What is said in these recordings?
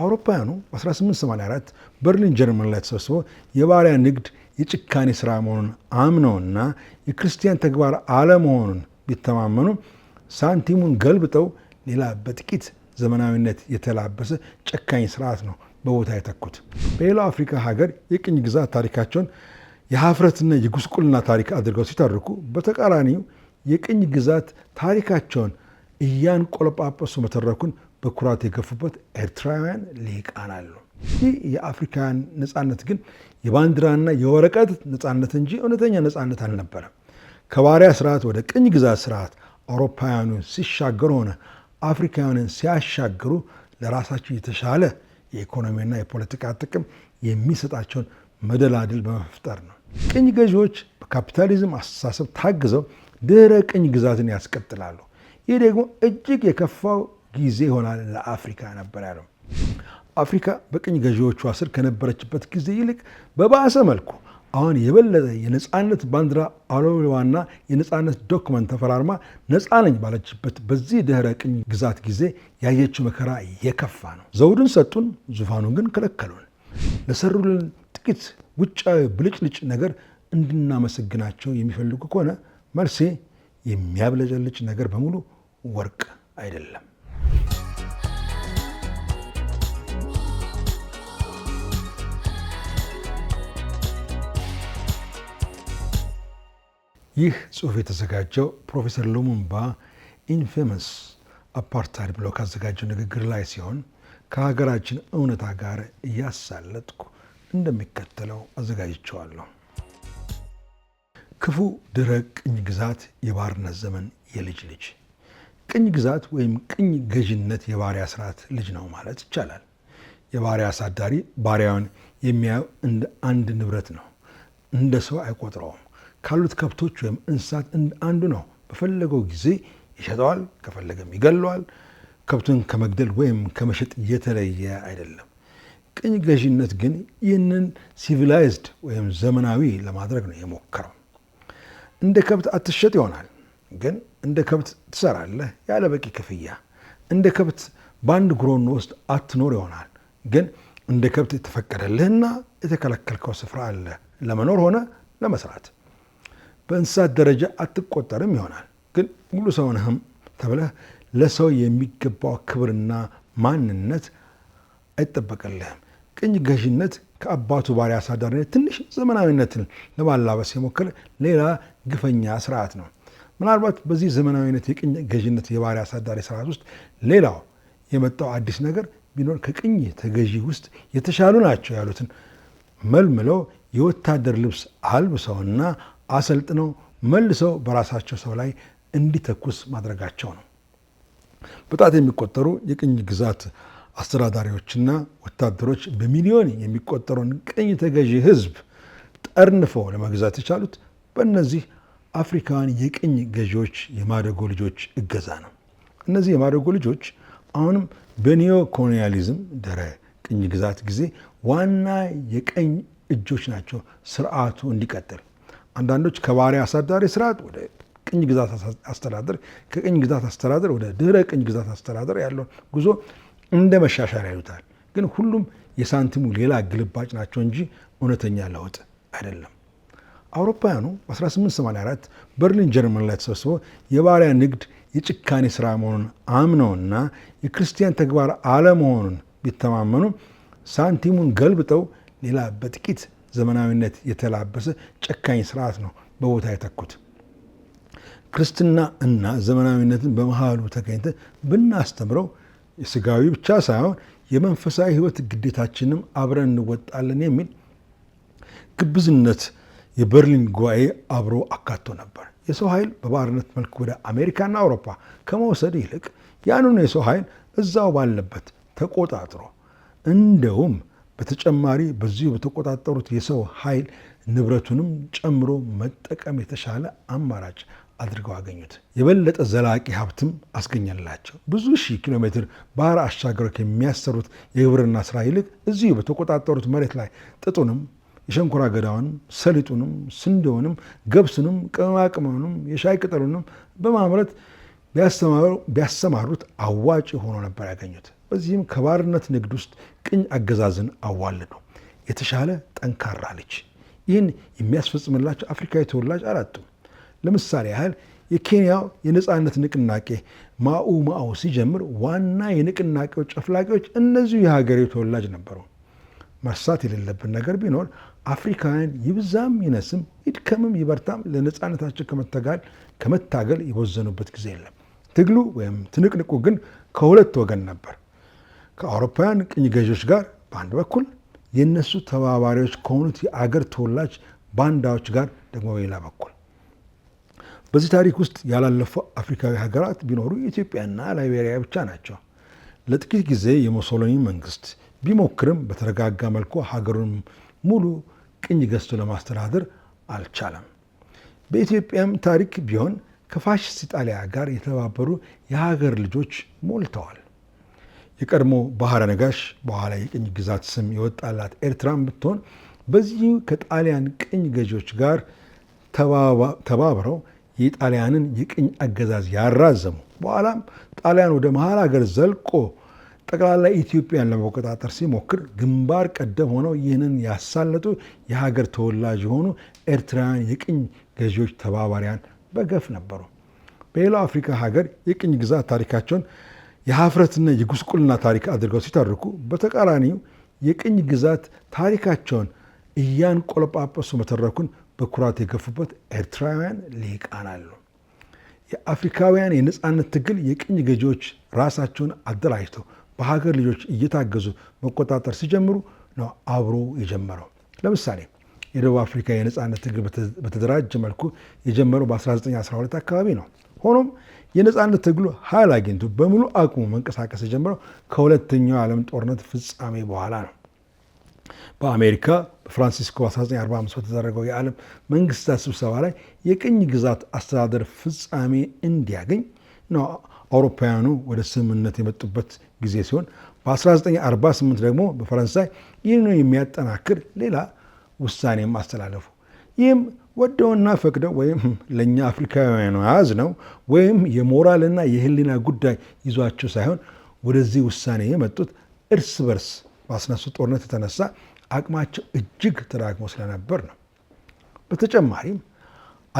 አውሮፓውያኑ በ1884 በርሊን ጀርመን ላይ ተሰብስቦ የባሪያ ንግድ የጭካኔ ስራ መሆኑን አምነውና የክርስቲያን ተግባር አለመሆኑን ቢተማመኑ ሳንቲሙን ገልብጠው ሌላ በጥቂት ዘመናዊነት የተላበሰ ጨካኝ ስርዓት ነው በቦታ የተኩት። በሌላው አፍሪካ ሀገር የቅኝ ግዛት ታሪካቸውን የሀፍረትና የጉስቁልና ታሪክ አድርገው ሲተርኩ፣ በተቃራኒው የቅኝ ግዛት ታሪካቸውን እያንቆለጳጳሱ መተረኩን በኩራት የገፉበት ኤርትራውያን ሊቃን አሉ። ይህ የአፍሪካውያን ነፃነት ግን የባንዲራና የወረቀት ነፃነት እንጂ እውነተኛ ነፃነት አልነበረም። ከባሪያ ስርዓት ወደ ቅኝ ግዛት ስርዓት አውሮፓውያኑ ሲሻገሩ ሆነ አፍሪካውያንን ሲያሻግሩ ለራሳቸው የተሻለ የኢኮኖሚና የፖለቲካ ጥቅም የሚሰጣቸውን መደላድል በመፍጠር ነው። ቅኝ ገዢዎች በካፒታሊዝም አስተሳሰብ ታግዘው ድህረ ቅኝ ግዛትን ያስቀጥላሉ። ይህ ደግሞ እጅግ የከፋው ጊዜ ይሆናል ለአፍሪካ ነበር ያለው። አፍሪካ በቅኝ ገዢዎቿ ስር ከነበረችበት ጊዜ ይልቅ በባሰ መልኩ አሁን የበለጠ የነፃነት ባንዲራ አውለብልባና የነፃነት ዶክመንት ተፈራርማ ነፃ ነኝ ባለችበት በዚህ ድህረ ቅኝ ግዛት ጊዜ ያየችው መከራ የከፋ ነው። ዘውዱን ሰጡን፣ ዙፋኑን ግን ከለከሉን። ለሰሩልን ጥቂት ውጫዊ ብልጭልጭ ነገር እንድናመሰግናቸው የሚፈልጉ ከሆነ መልሴ የሚያብለጨልጭ ነገር በሙሉ ወርቅ አይደለም። ይህ ጽሁፍ የተዘጋጀው ፕሮፌሰር ሉሙምባ ኢንፌመስ አፓርታይድ ብለው ካዘጋጀው ንግግር ላይ ሲሆን ከሀገራችን እውነታ ጋር እያሳለጥኩ እንደሚከተለው አዘጋጅቸዋለሁ። ክፉ ድረ ቅኝ ግዛት የባርነት ዘመን የልጅ ልጅ ቅኝ ግዛት ወይም ቅኝ ገዥነት የባሪያ ስርዓት ልጅ ነው ማለት ይቻላል። የባሪያ አሳዳሪ ባሪያውን የሚያየው እንደ አንድ ንብረት ነው፣ እንደ ሰው አይቆጥረውም። ካሉት ከብቶች ወይም እንስሳት አንዱ ነው። በፈለገው ጊዜ ይሸጠዋል፣ ከፈለገም ይገለዋል። ከብቱን ከመግደል ወይም ከመሸጥ የተለየ አይደለም። ቅኝ ገዢነት ግን ይህንን ሲቪላይዝድ ወይም ዘመናዊ ለማድረግ ነው የሞከረው። እንደ ከብት አትሸጥ ይሆናል፣ ግን እንደ ከብት ትሰራለህ ያለ በቂ ክፍያ። እንደ ከብት በአንድ ጉሮኖ ውስጥ አትኖር ይሆናል፣ ግን እንደ ከብት የተፈቀደልህና የተከለከልከው ስፍራ አለ፣ ለመኖር ሆነ ለመስራት። በእንስሳት ደረጃ አትቆጠርም ይሆናል። ግን ሙሉ ሰው ተብለህ ለሰው የሚገባው ክብርና ማንነት አይጠበቅልህም። ቅኝ ገዥነት ከአባቱ ባሪያ አሳዳሪነት ትንሽ ዘመናዊነትን ለማላበስ የሞከረ ሌላ ግፈኛ ስርዓት ነው። ምናልባት በዚህ ዘመናዊነት የቅኝ ገዥነት የባሪያ አሳዳሪ ስርዓት ውስጥ ሌላው የመጣው አዲስ ነገር ቢኖር ከቅኝ ተገዢ ውስጥ የተሻሉ ናቸው ያሉትን መልምለው የወታደር ልብስ አልብሰውና አሰልጥነው መልሰው በራሳቸው ሰው ላይ እንዲተኩስ ማድረጋቸው ነው። በጣት የሚቆጠሩ የቅኝ ግዛት አስተዳዳሪዎችና ወታደሮች በሚሊዮን የሚቆጠረውን ቅኝ ተገዢ ህዝብ ጠርንፈው ለመግዛት የቻሉት በእነዚህ አፍሪካውያን የቅኝ ገዢዎች የማደጎ ልጆች እገዛ ነው። እነዚህ የማደጎ ልጆች አሁንም በኒዮ ኮሎኒያሊዝም ደረ ቅኝ ግዛት ጊዜ ዋና የቀኝ እጆች ናቸው ስርዓቱ እንዲቀጥል አንዳንዶች ከባሪያ አሳዳሪ ስርዓት ወደ ቅኝ ግዛት አስተዳደር፣ ከቅኝ ግዛት አስተዳደር ወደ ድህረ ቅኝ ግዛት አስተዳደር ያለውን ጉዞ እንደ መሻሻል ያዩታል። ግን ሁሉም የሳንቲሙ ሌላ ግልባጭ ናቸው እንጂ እውነተኛ ለውጥ አይደለም። አውሮፓውያኑ በ1884 በርሊን ጀርመን ላይ ተሰብስበው የባሪያ ንግድ የጭካኔ ስራ መሆኑን አምነውና የክርስቲያን ተግባር አለመሆኑን ቢተማመኑ ሳንቲሙን ገልብጠው ሌላ በጥቂት ዘመናዊነት የተላበሰ ጨካኝ ስርዓት ነው በቦታ የተኩት። ክርስትና እና ዘመናዊነትን በመሃሉ ተገኝተ ብናስተምረው ስጋዊ ብቻ ሳይሆን የመንፈሳዊ ህይወት ግዴታችንም አብረን እንወጣለን የሚል ግብዝነት የበርሊን ጉባኤ አብሮ አካቶ ነበር። የሰው ኃይል በባርነት መልክ ወደ አሜሪካና አውሮፓ ከመውሰድ ይልቅ ያንኑ የሰው ኃይል እዛው ባለበት ተቆጣጥሮ እንደውም በተጨማሪ በዚሁ በተቆጣጠሩት የሰው ኃይል ንብረቱንም ጨምሮ መጠቀም የተሻለ አማራጭ አድርገው አገኙት። የበለጠ ዘላቂ ሀብትም አስገኘላቸው። ብዙ ሺህ ኪሎ ሜትር ባህር አሻገሮች የሚያሰሩት የግብርና ስራ ይልቅ እዚሁ በተቆጣጠሩት መሬት ላይ ጥጡንም የሸንኮራ አገዳውንም ሰሊጡንም ስንዴውንም ገብሱንም ቅመማቅመንም የሻይ ቅጠሉንም በማምረት ቢያሰማሩት አዋጭ ሆኖ ነበር ያገኙት። በዚህም ከባርነት ንግድ ውስጥ ቅኝ አገዛዝን አዋልዱ የተሻለ ጠንካራ ልጅ ይህን የሚያስፈጽምላቸው አፍሪካዊ ተወላጅ አላጡም። ለምሳሌ ያህል የኬንያው የነፃነት ንቅናቄ ማኡ ማኡ ሲጀምር ዋና የንቅናቄው ጨፍላቂዎች እነዚሁ የሀገሬው ተወላጅ ነበሩ። መርሳት የሌለብን ነገር ቢኖር አፍሪካውያን ይብዛም ይነስም ይድከምም ይበርታም ለነፃነታቸው ከመታገል ከመታገል የወዘኑበት ጊዜ የለም። ትግሉ ወይም ትንቅንቁ ግን ከሁለት ወገን ነበር። ከአውሮፓውያን ቅኝ ገዢዎች ጋር በአንድ በኩል የእነሱ ተባባሪዎች ከሆኑት የአገር ተወላጅ ባንዳዎች ጋር ደግሞ በሌላ በኩል በዚህ ታሪክ ውስጥ ያላለፉ አፍሪካዊ ሀገራት ቢኖሩ ኢትዮጵያና ላይቤሪያ ብቻ ናቸው። ለጥቂት ጊዜ የሞሶሎኒ መንግስት ቢሞክርም በተረጋጋ መልኩ ሀገሩን ሙሉ ቅኝ ገዝቶ ለማስተዳደር አልቻለም። በኢትዮጵያም ታሪክ ቢሆን ከፋሽስት ኢጣሊያ ጋር የተባበሩ የሀገር ልጆች ሞልተዋል። የቀድሞ ባህረ ነጋሽ በኋላ የቅኝ ግዛት ስም የወጣላት ኤርትራ ብትሆን በዚሁ ከጣሊያን ቅኝ ገዢዎች ጋር ተባብረው የጣሊያንን የቅኝ አገዛዝ ያራዘሙ በኋላም ጣሊያን ወደ መሀል ሀገር ዘልቆ ጠቅላላ ኢትዮጵያን ለመቆጣጠር ሲሞክር ግንባር ቀደም ሆነው ይህንን ያሳለጡ የሀገር ተወላጅ የሆኑ ኤርትራውያን የቅኝ ገዢዎች ተባባሪያን በገፍ ነበሩ። በሌላው አፍሪካ ሀገር የቅኝ ግዛት ታሪካቸውን የሀፍረትና የጉስቁልና ታሪክ አድርገው ሲተርኩ፣ በተቃራኒው የቅኝ ግዛት ታሪካቸውን ቆለጳጳሱ መተረኩን በኩራት የገፉበት ኤርትራውያን ሊቃን አሉ። የአፍሪካውያን የነፃነት ትግል የቅኝ ገዢዎች ራሳቸውን አደራጅተው በሀገር ልጆች እየታገዙ መቆጣጠር ሲጀምሩ ነው አብሮ የጀመረው። ለምሳሌ የደቡብ አፍሪካ የነፃነት ትግል በተደራጀ መልኩ የጀመረው በ1912 አካባቢ ነው። ሆኖም የነፃነት ትግሉ ኃይል አግኝቶ በሙሉ አቅሙ መንቀሳቀስ የጀመረው ከሁለተኛው የዓለም ጦርነት ፍጻሜ በኋላ ነው። በአሜሪካ በፍራንሲስኮ 1945 በተደረገው የዓለም መንግስታት ስብሰባ ላይ የቅኝ ግዛት አስተዳደር ፍጻሜ እንዲያገኝ ነው አውሮፓውያኑ ወደ ስምምነት የመጡበት ጊዜ ሲሆን በ1948 ደግሞ በፈረንሳይ ይህ የሚያጠናክር ሌላ ውሳኔም አስተላለፉ። ይህም ወደውና ፈቅደው ወይም ለእኛ አፍሪካውያን አዝ ነው ወይም የሞራልና የህሊና ጉዳይ ይዟቸው ሳይሆን ወደዚህ ውሳኔ የመጡት እርስ በርስ በአስነሱ ጦርነት የተነሳ አቅማቸው እጅግ ተዳግሞ ስለነበር ነው። በተጨማሪም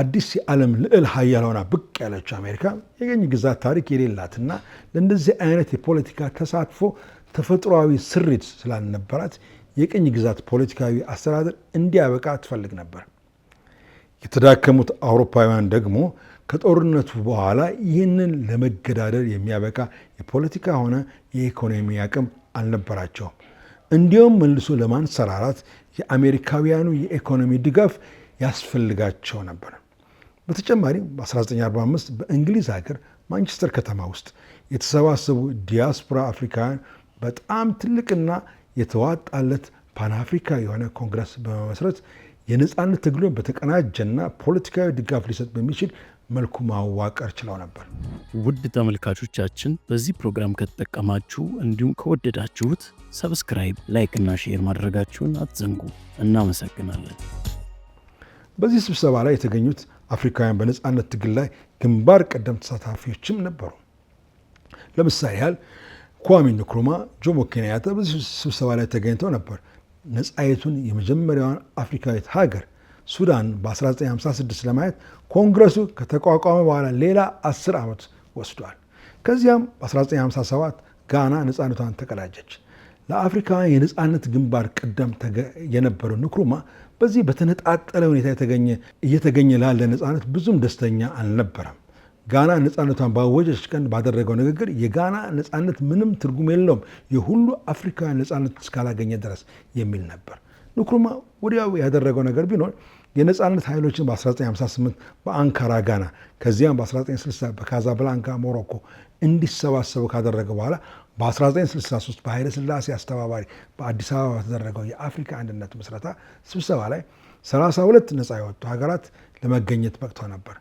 አዲስ የዓለም ልዕል ሀያል ሆና ብቅ ያለችው አሜሪካ የቅኝ ግዛት ታሪክ የሌላትና ለእንደዚህ አይነት የፖለቲካ ተሳትፎ ተፈጥሯዊ ስሪት ስላልነበራት የቅኝ ግዛት ፖለቲካዊ አስተዳደር እንዲያበቃ ትፈልግ ነበር። የተዳከሙት አውሮፓውያን ደግሞ ከጦርነቱ በኋላ ይህንን ለመገዳደር የሚያበቃ የፖለቲካ ሆነ የኢኮኖሚ አቅም አልነበራቸውም። እንዲሁም መልሶ ለማንሰራራት የአሜሪካውያኑ የኢኮኖሚ ድጋፍ ያስፈልጋቸው ነበር። በተጨማሪም በ1945 በእንግሊዝ ሀገር ማንቸስተር ከተማ ውስጥ የተሰባሰቡ ዲያስፖራ አፍሪካውያን በጣም ትልቅና የተዋጣለት ፓን አፍሪካ የሆነ ኮንግረስ በመመስረት የነፃነት ትግሉን በተቀናጀና ፖለቲካዊ ድጋፍ ሊሰጥ በሚችል መልኩ ማዋቀር ችለው ነበር። ውድ ተመልካቾቻችን በዚህ ፕሮግራም ከተጠቀማችሁ እንዲሁም ከወደዳችሁት ሰብስክራይብ፣ ላይክ እና ሼር ማድረጋችሁን አትዘንጉ። እናመሰግናለን። በዚህ ስብሰባ ላይ የተገኙት አፍሪካውያን በነፃነት ትግል ላይ ግንባር ቀደም ተሳታፊዎችም ነበሩ። ለምሳሌ ያህል ኳሚ ንክሩማ፣ ጆሞ ኬንያታ በዚህ ስብሰባ ላይ ተገኝተው ነበር። ነፃይቱን የመጀመሪያዋን አፍሪካዊት ሀገር ሱዳን በ1956 ለማየት ኮንግረሱ ከተቋቋመ በኋላ ሌላ 10 ዓመት ወስዷል። ከዚያም በ1957 ጋና ነፃነቷን ተቀዳጀች። ለአፍሪካውያን የነፃነት ግንባር ቀደም የነበረው ንክሩማ በዚህ በተነጣጠለ ሁኔታ እየተገኘ ላለ ነፃነት ብዙም ደስተኛ አልነበረም። ጋና ነፃነቷን ባወጀች ቀን ባደረገው ንግግር የጋና ነፃነት ምንም ትርጉም የለውም የሁሉ አፍሪካውያን ነፃነት እስካላገኘ ድረስ የሚል ነበር። ንክሩማ ወዲያው ያደረገው ነገር ቢኖር የነፃነት ኃይሎችን በ1958 በአንካራ ጋና፣ ከዚያም በ1960 በካዛብላንካ ሞሮኮ እንዲሰባሰቡ ካደረገ በኋላ በ1963 በኃይለ ስላሴ አስተባባሪ በአዲስ አበባ በተደረገው የአፍሪካ አንድነት ምስረታ ስብሰባ ላይ 32 ነፃ የወጡ ሀገራት ለመገኘት በቅተው ነበር።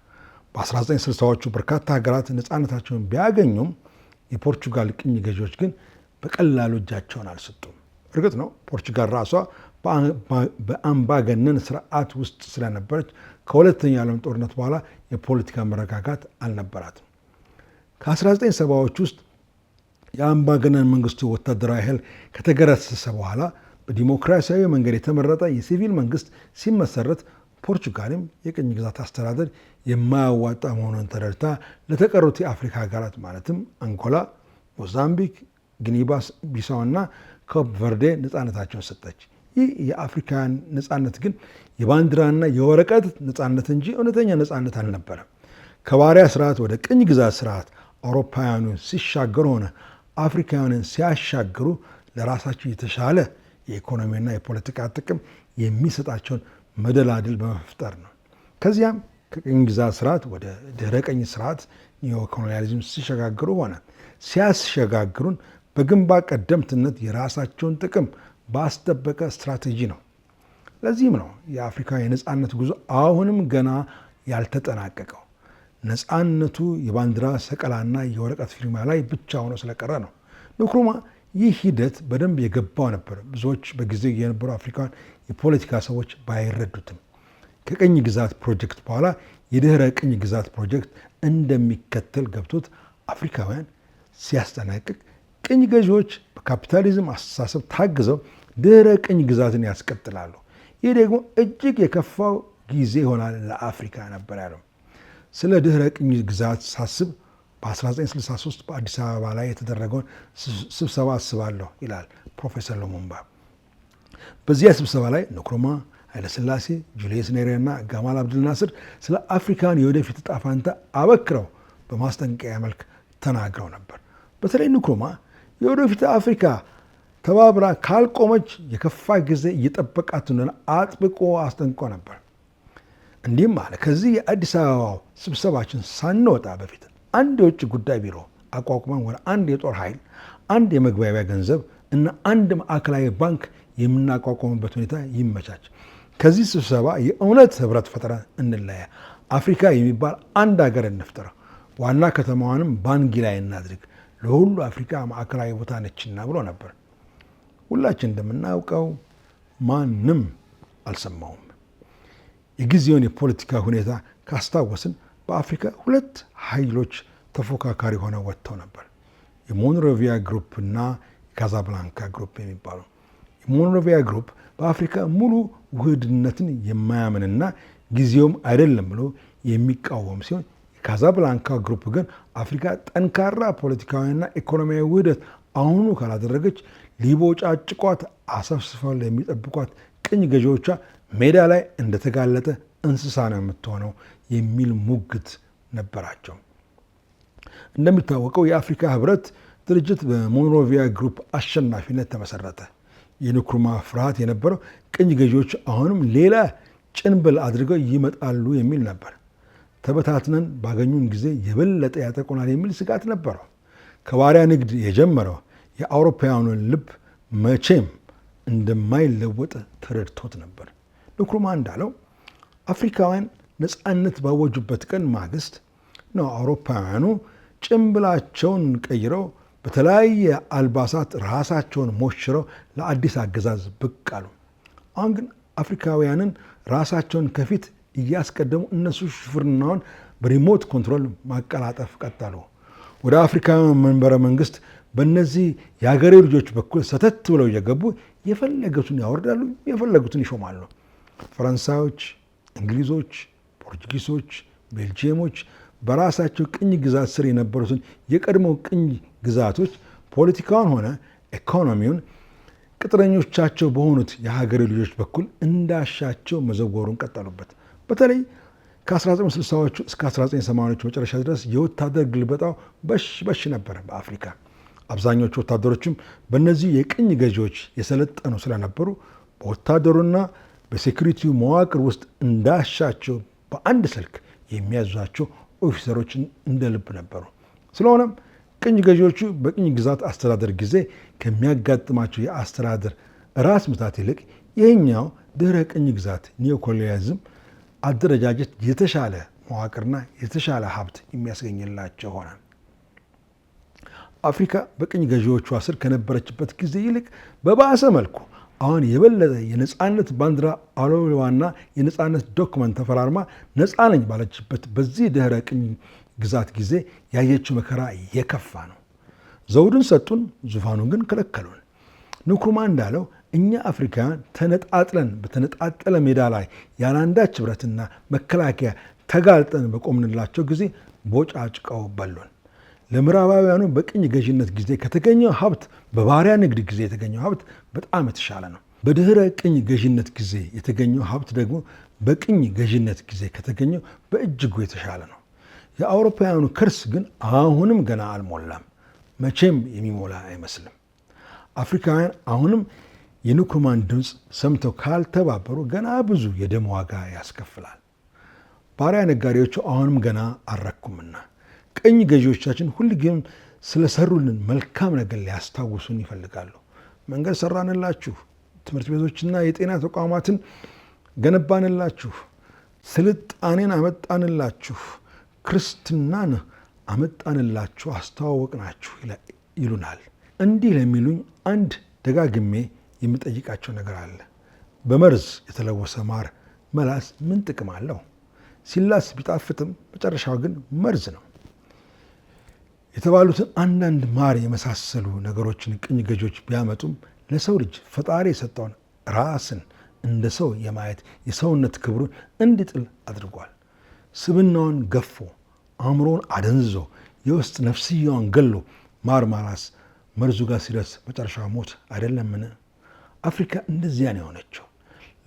በ1960ዎቹ በርካታ ሀገራት ነፃነታቸውን ቢያገኙም የፖርቹጋል ቅኝ ገዢዎች ግን በቀላሉ እጃቸውን አልሰጡም። እርግጥ ነው ፖርቹጋል ራሷ በአምባገነን ስርዓት ውስጥ ስለነበረች ከሁለተኛ ዓለም ጦርነት በኋላ የፖለቲካ መረጋጋት አልነበራትም። ከ1970ዎች ውስጥ የአምባገነን መንግስቱ ወታደራዊ ኃይል ከተገረሰሰ በኋላ በዲሞክራሲያዊ መንገድ የተመረጠ የሲቪል መንግስት ሲመሰረት ፖርቹጋልም የቅኝ ግዛት አስተዳደር የማያዋጣ መሆኑን ተረድታ ለተቀሩት የአፍሪካ ሀገራት ማለትም አንጎላ፣ ሞዛምቢክ፣ ግኒባስ ቢሳው እና ኮፕ ቨርዴ ነፃነታቸውን ሰጠች። ይህ የአፍሪካውያን ነፃነት ግን የባንዲራና የወረቀት ነፃነት እንጂ እውነተኛ ነፃነት አልነበረም። ከባሪያ ስርዓት ወደ ቅኝ ግዛት ስርዓት አውሮፓውያኑ ሲሻገሩ ሆነ አፍሪካውያንን ሲያሻግሩ ለራሳቸው የተሻለ የኢኮኖሚና የፖለቲካ ጥቅም የሚሰጣቸውን መደላድል በመፍጠር ነው። ከዚያም ከቅኝ ግዛት ስርዓት ወደ ድህረ ስርዓት ኒዮኮሎኒያሊዝም ሲሸጋግሩ ሆነ። ሲያስሸጋግሩን በግንባር ቀደምትነት የራሳቸውን ጥቅም ባስጠበቀ ስትራቴጂ ነው። ለዚህም ነው የአፍሪካ የነፃነት ጉዞ አሁንም ገና ያልተጠናቀቀው። ነፃነቱ የባንዲራ ሰቀላና የወረቀት ፊርማ ላይ ብቻ ሆኖ ስለቀረ ነው። ንክሩማ ይህ ሂደት በደንብ የገባው ነበር። ብዙዎች በጊዜ የነበሩ አፍሪካን የፖለቲካ ሰዎች ባይረዱትም ከቅኝ ግዛት ፕሮጀክት በኋላ የድህረ ቅኝ ግዛት ፕሮጀክት እንደሚከተል ገብቶት አፍሪካውያን ሲያስጠናቅቅ ቅኝ ገዢዎች በካፒታሊዝም አስተሳሰብ ታግዘው ድህረ ቅኝ ግዛትን ያስቀጥላሉ። ይህ ደግሞ እጅግ የከፋው ጊዜ ይሆናል ለአፍሪካ ነበር ያለው። ስለ ድህረ ቅኝ ግዛት ሳስብ በ1963 በአዲስ አበባ ላይ የተደረገውን ስብሰባ አስባለሁ ይላል ፕሮፌሰር ሉሙምባ። በዚያ ስብሰባ ላይ ንክሩማ፣ ኃይለስላሴ ጁልየስ ኔሬ እና ጋማል አብድልናስር ስለ አፍሪካን የወደፊት ዕጣ ፈንታ አበክረው በማስጠንቀቂያ መልክ ተናግረው ነበር። በተለይ ንክሩማ የወደፊት አፍሪካ ተባብራ ካልቆመች የከፋ ጊዜ እየጠበቃት እንደሆነ አጥብቆ አስጠንቅቆ ነበር። እንዲህም አለ። ከዚህ የአዲስ አበባው ስብሰባችን ሳንወጣ በፊት አንድ የውጭ ጉዳይ ቢሮ አቋቁመን ወደ አንድ የጦር ኃይል፣ አንድ የመግባቢያ ገንዘብ እና አንድ ማዕከላዊ ባንክ የምናቋቋምበት ሁኔታ ይመቻች። ከዚህ ስብሰባ የእውነት ህብረት ፈጠራ እንለያ። አፍሪካ የሚባል አንድ ሀገር እንፍጠር። ዋና ከተማዋንም ባንጊ ላይ እናድርግ። ለሁሉ አፍሪካ ማዕከላዊ ቦታ ነችና ብሎ ነበር። ሁላችን እንደምናውቀው ማንም አልሰማውም። የጊዜውን የፖለቲካ ሁኔታ ካስታወስን በአፍሪካ ሁለት ኃይሎች ተፎካካሪ ሆነው ወጥተው ነበር። የሞንሮቪያ ግሩፕ እና የካዛብላንካ ግሩፕ የሚባለው የሞንሮቪያ ግሩፕ በአፍሪካ ሙሉ ውህድነትን የማያምንና ጊዜውም አይደለም ብሎ የሚቃወም ሲሆን የካዛብላንካ ግሩፕ ግን አፍሪካ ጠንካራ ፖለቲካዊና ኢኮኖሚያዊ ውህደት አሁኑ ካላደረገች ሊቦጫጭቋት አሰፍስፈው ለሚጠብቋት ቅኝ ገዢዎቿ ሜዳ ላይ እንደተጋለጠ እንስሳ ነው የምትሆነው የሚል ሙግት ነበራቸው። እንደሚታወቀው የአፍሪካ ህብረት ድርጅት በሞንሮቪያ ግሩፕ አሸናፊነት ተመሰረተ። የንኩርማ ፍርሃት የነበረው ቅኝ ገዢዎች አሁንም ሌላ ጭንብል አድርገው ይመጣሉ የሚል ነበር። ተበታትነን ባገኙን ጊዜ የበለጠ ያጠቁናል የሚል ስጋት ነበረው። ከባሪያ ንግድ የጀመረው የአውሮፓውያኑን ልብ መቼም እንደማይለወጥ ተረድቶት ነበር። ንኩርማ እንዳለው አፍሪካውያን ነፃነት ባወጁበት ቀን ማግስት ነው አውሮፓውያኑ ጭምብላቸውን ቀይረው በተለያየ አልባሳት ራሳቸውን ሞሽረው ለአዲስ አገዛዝ ብቅ አሉ። አሁን ግን አፍሪካውያንን ራሳቸውን ከፊት እያስቀደሙ እነሱ ሽፍርናውን በሪሞት ኮንትሮል ማቀላጠፍ ቀጠሉ። ወደ አፍሪካውያን መንበረ መንግስት በእነዚህ የሀገሬ ልጆች በኩል ሰተት ብለው እየገቡ የፈለገቱን ያወርዳሉ፣ የፈለጉትን ይሾማሉ። ፈረንሳዮች እንግሊዞች፣ ፖርቱጊሶች፣ ቤልጅየሞች በራሳቸው ቅኝ ግዛት ስር የነበሩትን የቀድሞ ቅኝ ግዛቶች ፖለቲካውን ሆነ ኢኮኖሚውን ቅጥረኞቻቸው በሆኑት የሀገር ልጆች በኩል እንዳሻቸው መዘወሩን ቀጠሉበት። በተለይ ከ1960ዎቹ እስከ 1980ዎቹ መጨረሻ ድረስ የወታደር ግልበጣው በሽ በሽ ነበር በአፍሪካ። አብዛኞቹ ወታደሮችም በእነዚህ የቅኝ ገዢዎች የሰለጠኑ ስለነበሩ በወታደሩና በሴኩሪቲው መዋቅር ውስጥ እንዳሻቸው በአንድ ስልክ የሚያዟቸው ኦፊሰሮች እንደ ልብ ነበሩ። ስለሆነም ቅኝ ገዢዎቹ በቅኝ ግዛት አስተዳደር ጊዜ ከሚያጋጥማቸው የአስተዳደር ራስ ምታት ይልቅ ይህኛው ድህረ ቅኝ ግዛት ኒዮኮሎኒያሊዝም አደረጃጀት የተሻለ መዋቅርና የተሻለ ሀብት የሚያስገኝላቸው ሆናል። አፍሪካ በቅኝ ገዢዎቿ ስር ከነበረችበት ጊዜ ይልቅ በባሰ መልኩ አሁን የበለጠ የነፃነት ባንዲራ አሎዋና የነፃነት ዶክመንት ተፈራርማ ነፃ ነኝ ባለችበት በዚህ ድህረ ቅኝ ግዛት ጊዜ ያየችው መከራ የከፋ ነው። ዘውዱን ሰጡን፣ ዙፋኑን ግን ከለከሉን። ንኩርማ እንዳለው እኛ አፍሪካውያን ተነጣጥለን በተነጣጠለ ሜዳ ላይ ያለአንዳች ብረትና መከላከያ ተጋልጠን በቆምንላቸው ጊዜ ቦጫጭቀው በሉን። ለምዕራባውያኑ በቅኝ ገዥነት ጊዜ ከተገኘው ሀብት በባሪያ ንግድ ጊዜ የተገኘው ሀብት በጣም የተሻለ ነው። በድህረ ቅኝ ገዥነት ጊዜ የተገኘው ሀብት ደግሞ በቅኝ ገዥነት ጊዜ ከተገኘው በእጅጉ የተሻለ ነው። የአውሮፓውያኑ ክርስ ግን አሁንም ገና አልሞላም። መቼም የሚሞላ አይመስልም። አፍሪካውያን አሁንም የንኩርማን ድምፅ ሰምተው ካልተባበሩ ገና ብዙ የደም ዋጋ ያስከፍላል። ባሪያ ነጋዴዎቹ አሁንም ገና አልረኩምና ቅኝ ገዢዎቻችን ሁልጊዜም ስለሰሩልን መልካም ነገር ሊያስታውሱን ይፈልጋሉ። መንገድ ሰራንላችሁ፣ ትምህርት ቤቶችና የጤና ተቋማትን ገነባንላችሁ፣ ስልጣኔን አመጣንላችሁ፣ ክርስትናን አመጣንላችሁ፣ አስተዋወቅናችሁ ይሉናል። እንዲህ ለሚሉኝ አንድ ደጋግሜ የምጠይቃቸው ነገር አለ። በመርዝ የተለወሰ ማር መላስ ምን ጥቅም አለው? ሲላስ ቢጣፍጥም መጨረሻው ግን መርዝ ነው። የተባሉትን አንዳንድ ማር የመሳሰሉ ነገሮችን ቅኝ ገዦች ቢያመጡም ለሰው ልጅ ፈጣሪ የሰጠውን ራስን እንደ ሰው የማየት የሰውነት ክብሩን እንዲጥል አድርጓል። ስብናውን ገፎ አእምሮውን አደንዝዞ የውስጥ ነፍስያዋን ገሎ ማር ማራስ መርዙ ጋር ሲደርስ መጨረሻ ሞት አይደለምን? አፍሪካ እንደዚያ ነው የሆነችው።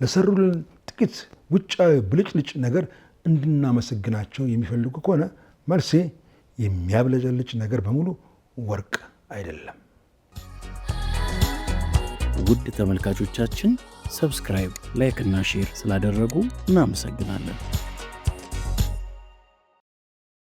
ለሰሩልን ጥቂት ውጫዊ ብልጭልጭ ነገር እንድናመሰግናቸው የሚፈልጉ ከሆነ መልሴ የሚያብለጨልጭ ነገር በሙሉ ወርቅ አይደለም። ውድ ተመልካቾቻችን ሰብስክራይብ፣ ላይክ እና ሼር ስላደረጉ እናመሰግናለን።